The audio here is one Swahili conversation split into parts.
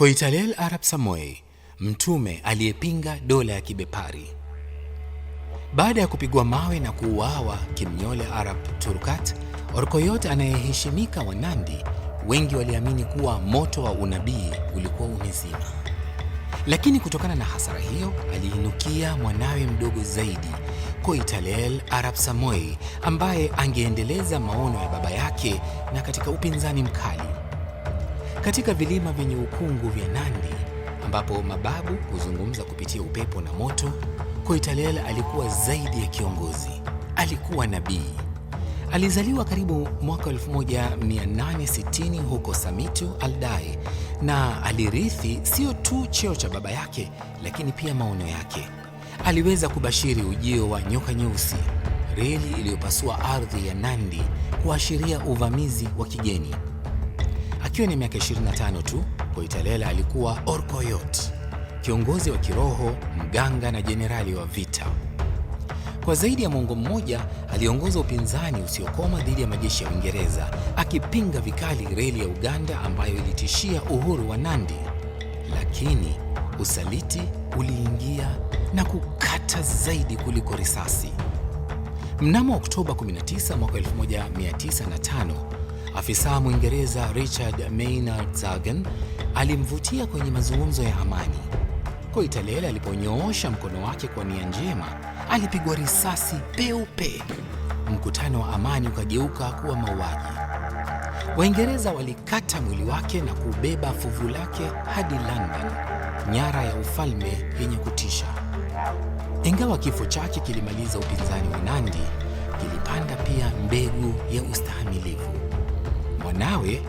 Kwa Italel Samoei, mtume aliyepinga dola ya kibepari. Baada ya kupigwa mawe na kuuawa Kimnyole arab Turkat, Orkoyot anayeheshimika wa Nandi, wengi waliamini kuwa moto wa unabii ulikuwa umezima. Lakini kutokana na hasara hiyo, aliinukia mwanawe mdogo zaidi Koitalel Arab Samoei ambaye angeendeleza maono ya baba yake na katika upinzani mkali katika vilima vyenye ukungu vya Nandi ambapo mababu huzungumza kupitia upepo na moto, Koitalel alikuwa zaidi ya kiongozi, alikuwa nabii. Alizaliwa karibu mwaka 1860 huko Samitu Aldai na alirithi sio tu cheo cha baba yake, lakini pia maono yake. Aliweza kubashiri ujio wa nyoka nyeusi, reli iliyopasua ardhi ya Nandi kuashiria uvamizi wa kigeni Akiwa ni miaka 25 tu, Koitalel alikuwa Orkoyot, kiongozi wa kiroho, mganga na jenerali wa vita. Kwa zaidi ya mwongo mmoja aliongoza upinzani usiokoma dhidi ya majeshi ya Uingereza, akipinga vikali reli ya Uganda ambayo ilitishia uhuru wa Nandi. Lakini usaliti uliingia na kukata zaidi kuliko risasi. Mnamo Oktoba 19 mwaka 1905 Afisa Mwingereza Richard Maynard Zagan alimvutia kwenye mazungumzo ya amani. Koitalel aliponyoosha mkono wake kwa nia njema, alipigwa risasi peupe. Mkutano wa amani ukageuka kuwa mauaji. Waingereza walikata mwili wake na kubeba fuvu lake hadi London, nyara ya ufalme yenye kutisha. Ingawa kifo chake kilimaliza upinzani wa Nandi, kilipanda pia mbegu ya ustahamilivu Mwanawe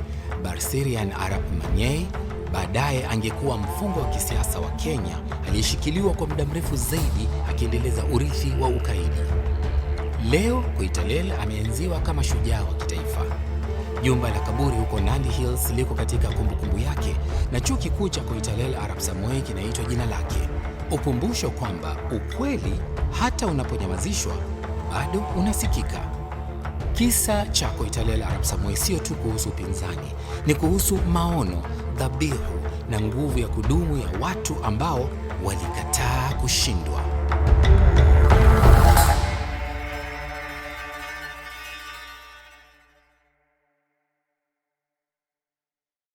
Barserian Arap Manyei baadaye angekuwa mfungwa wa kisiasa wa Kenya aliyeshikiliwa kwa muda mrefu zaidi akiendeleza urithi wa ukaidi. Leo Koitalel ameanziwa kama shujaa wa kitaifa. Jumba la kaburi huko Nandi Hills liko katika kumbukumbu yake na chuo kikuu cha Koitalel Arap Samoei kinaitwa jina lake, ukumbusho kwamba ukweli hata unaponyamazishwa bado unasikika. Kisa cha Koitalel Arab Samoei sio tu kuhusu upinzani, ni kuhusu maono, dhabihu na nguvu ya kudumu ya watu ambao walikataa kushindwa.